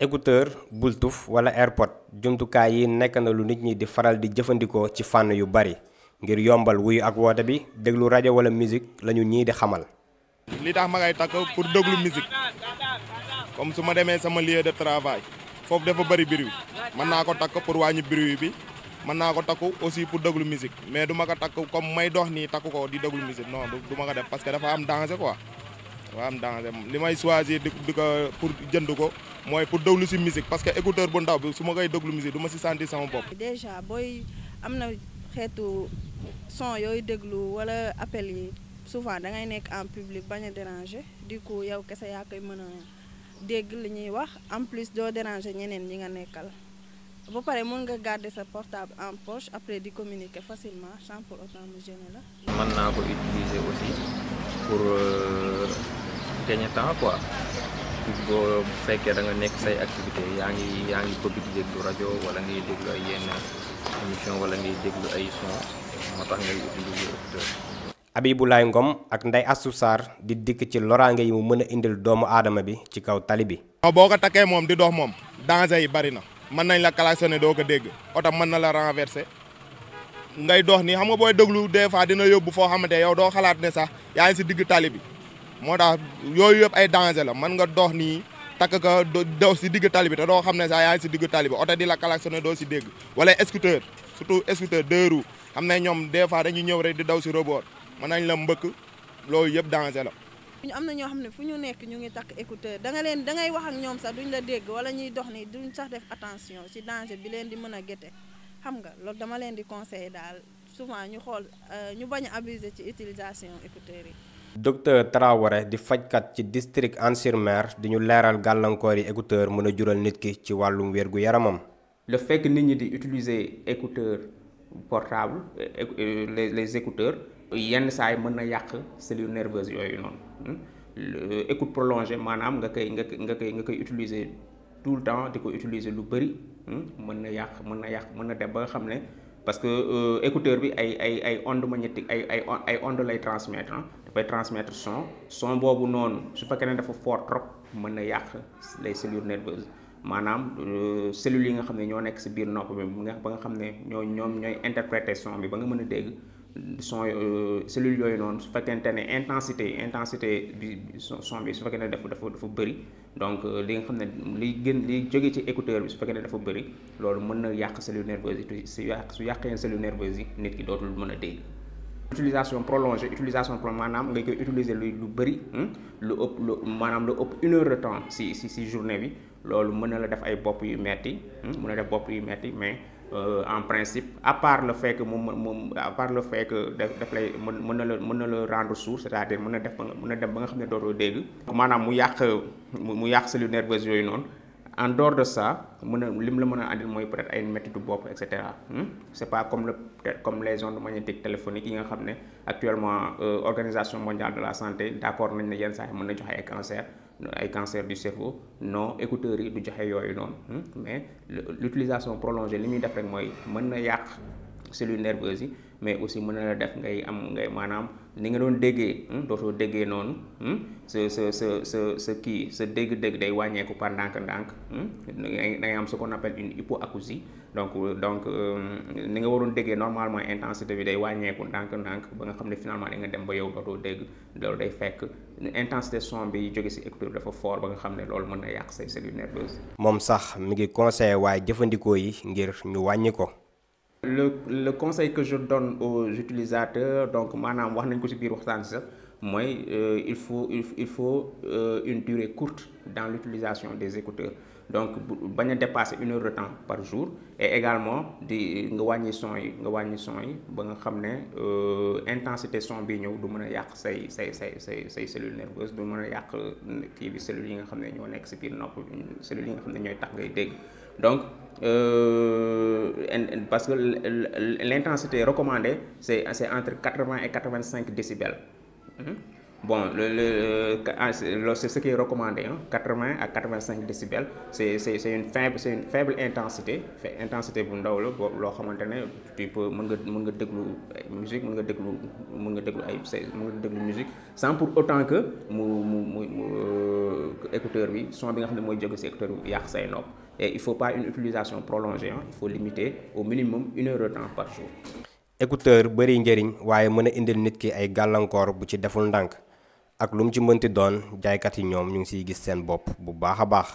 écouteur bultuf wala airpod jumtukaay yi nekk na lu nit ñi di faral di jëfandikoo ci fànn yu bari ngir yombal wuyu ak woote bi déglu rajo wala musique lañu ñii di xamal. li tax ma ngay takk pour déglu musique comme sama lieu de travail foofu dafa bari biru mën naa ko takk pour wàññi bruit bi mën naa ko takku aussi pour déglu musique mais du ko comme may dox ko di déglu musique non du ma ko def parce que dafa am danger quoi. waaw danger li choisir di pour jënd ko mooy pour déglu musique parce que écouteur bu ndaw bi su ma musique du ma si sama bopp. déjà boy amna na son yoy déglu wala appel yi souvent da ngay nekk en public baña déranger du coup yow kessa ya kay mën a dégg li ñuy wax en plus do déranger ñeneen ñi nga nekkal. ba pare mën nga garder sa portable en poche après di communiquer facilement sans pour autant mu gêner la. mën naa ko aussi pour gagner temps quoi boo bu fekkee da nga nekk say activité yaa ngi yaa ngi di déglu rajo wala ngay déglu ay yenn émission wala ngay son Ngom ak Ndey di dikk ci loraange yi mu mën indil doomu aadama bi ci kaw bi. di dox moom danger yi bari na. mën nañ la klaxonné doo ko dégg oto mën na la renversé ngay dox nii xam nga booy déglu des fois dina yóbbu foo xamante yow doo xalaat ne sax yaa ngi si digg tali bi moo tax yooyu yëpp ay danger la mën nga dox nii takk ka doo si digg tali bi te doo xam ne sax yaa ngi si digg tali bi di la klaxonné doo si dégg wala scooter surtout scooter deux roues xam ne ñoom des fois dañuy ñëw rek di daw si rebord mën nañ la mbëkk loolu yëpp danger la ñu am na ñoo xam ne fu ñu nekk ñu ngi takk écouteur da nga leen da ngay wax ak ñoom sax duñ la dégg wala ñuy dox ni duñ sax def attention ci danger bi leen di mën a géte xam nga loolu dama leen di conseil daal souvent ñu xool euh, ñu bañ a abuser ci utilisation écouteur yi. docteur Traoré di fajkat ci district anne mer di ñu leeral gàllankoor yi écouteur mën a jural nit ki ci wàllum wérgu yaramam. le fait que nit ñi di utiliser écouteur portable euh, euh, les les écouteurs yenn saa yi mën na yàq cellules nerveuses yooyu noonu hmm? euh, écoute prolongée maanaam nga koy nga koy nga koy nga koy utiliser tout le temps di ko utiliser lu bëri hmm? mën na yàq mën na yàq mën na dem ba nga xam ne parce que euh, écouteur bi ay ay ay ondes magnétiques ay ay ay ondes lay transmettre hein? dafay transmettre son son boobu noonu su fekkee ne dafa fort trop mën na yàq les cellules nerveuses maanaam euh, cellules yi nga xam ne ñoo nekk si biir nopp bi nga ba nga xam ne ñoo ñoom ñooy interpréter son bi ba nga mën a dégg son euh, cellules yooyu noonu su fekkente ne intensité intensité bi son bi su fekkente ne dafa dafa dafa bëri donc euh, li nga xam ne liy gën liy jóge ci écouteur bi su fekkee ne dafa bëri loolu mën na yàq cellule nerveuse yi su yàq su yàqee cellule nerveuse yi nit ki dootul mën a dégg. utilisation prolongée utilisation prolongée maanaam nga koy utiliser lu lu bëri hmm, lu ëpp lu maanaam lu ëpp une heure de temps si si si journée bi loolu mën na la def ay bopp yu metti hmm, mën na def bopp yu metti mais. Euh, en principe, à part le fait que moom moom à part le fait que daf lay mën mën na le mën na rendre sourd c'est-à-dire mën na def mën na dem ba nga xam ne dootoo dégg. maanaam mu yàq mu yàq cellule nerveuse yooyu non, en dehors de ça mën a lim la mën a andil mooy peut-être ay méthode bopp et cetera hmm? c'est pas comme le comme les ondes magnétiques téléphoniques yi nga xam actuellement euh, organisation mondiale de la santé d'accord nañ ne yenn saa yi mën na joxe cancer ay cancer du cerveau non écouteur du joxe yooyu noonu hmm, mais l'utilisation prolongée limite après def rek mooy mën na cellules nerveuses mais aussi mën na la def ngay am ngay maanaam ni nga doon déggee hmm, dootoo déggee noonu hmm, sa sa sa sa sa kii sa dégg-dégg day wàññeeku par ndànk-ndànk hmm, da ngay am ce qu'on appelle une hypoacousie donc donc euh, ni nga waroon déggee normalement intensité bi day wàññeeku ndànk-ndànk ba nga xam ne finalement da nga dem ba yow dootoo dégg loolu day fekk intensité son bi jóge si écouteur dafa fort ba nga xam ne loolu mën na yàq say cellules nerveuses. moom sax mi ngi conseillé waaye jëfandikoo yi ngir ñu wàññi ko. le le conseil que je donne aux utilisateurs donc maintenant, wax nañ ko ci biir waxtaan sax euh, il faut il faut euh, une durée courte dans l'utilisation des écouteurs donc bañ a dépasser une heure de temps par jour et également di nga wàññi son yi nga wàññi son yi ba nga xam euh, intensité son bi ñëw du mën say say say say say cellules nerveuses du mën a yàq cellules yi nga xam ne ñoo nekk ci biir cellules yi nga xam ne ñooy donc euh, parce que l'intensité recommandée, c'est entre 80 et 85 décibels. Mm-hmm. Bon, ah, le, c'est ce qui est recommandé, 80 hein. à 85 décibels. C'est une faible, c'est une faible intensité. intensité pour musique sans pour autant que les euh, écouteur ne faut pas une utilisation prolongée hein. il faut limiter au minimum une heure de temps par jour. écouteur qui ak lu mu ci mënti doon jaaykat yi ñoom ñu ngi siy gis seen bopp bu baax a baax